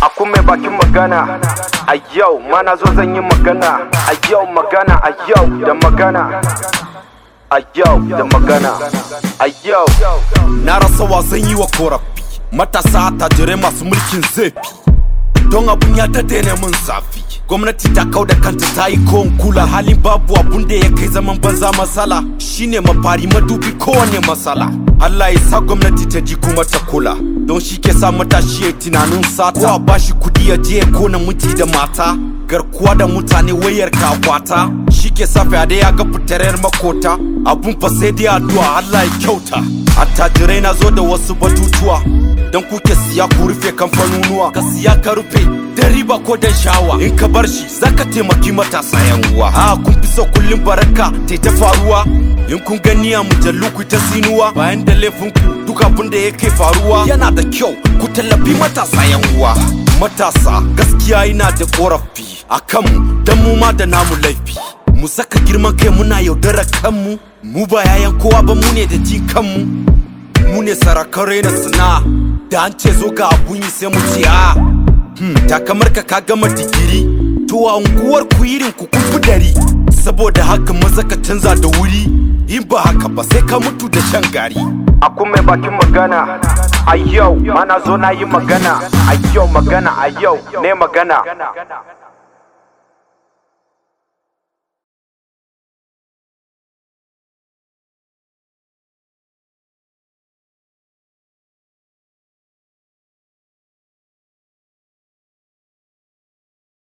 a mai bakin magana a yau mana zo zan yi magana a yau magana a yau da magana a yau da magana a yau na rasa wasan yi wa korafi matasa tajirai masu mulkin zafi don abun ya ta daina mun zafi gwamnati ta kau da kanta ta yi kowon kula halin babu abun da ya kai zaman banza masala shine mafari madubi kowane masala Allah ya sa gwamnati ta ji kuma ta kula don shi ke sa matashi ya tunanin sata ko a bashi kudi ya je ya kona miji da mata garkuwa da mutane wayar kakwata shi ke sa fyaɗe ya ga fitarar makota abun fa sai dai addu'a Allah ya kyauta attajirai na zo da wasu batutuwa don kuke siya ku rufe kamfanunuwa ka siya ka rufe dan riba ko dan shawa in ka bar shi zaka taimaki matasa yan uwa a kun fi so kullum baraka ta faruwa in kun gani a mujallu ku ta sinuwa bayan da laifin ku duk abin da yake faruwa yana da kyau ku tallafi matasa yan uwa matasa gaskiya yana da korafi a kanmu don mu ma da namu laifi mu saka girman kai muna yaudara kanmu mu ba yayan kowa ba mu ne da ji kanmu mu ne sarakan raina suna. da an ce zo ga abun yi sai mu ce a ah, hmm, takamar ka ka gama digiri to a unguwar ku irin ku kufu dari saboda haka maza ka canza da wuri in ba haka ba sai ka mutu da shan gari a mai bakin magana a yau mana zo na yi magana a yau magana a yau ne magana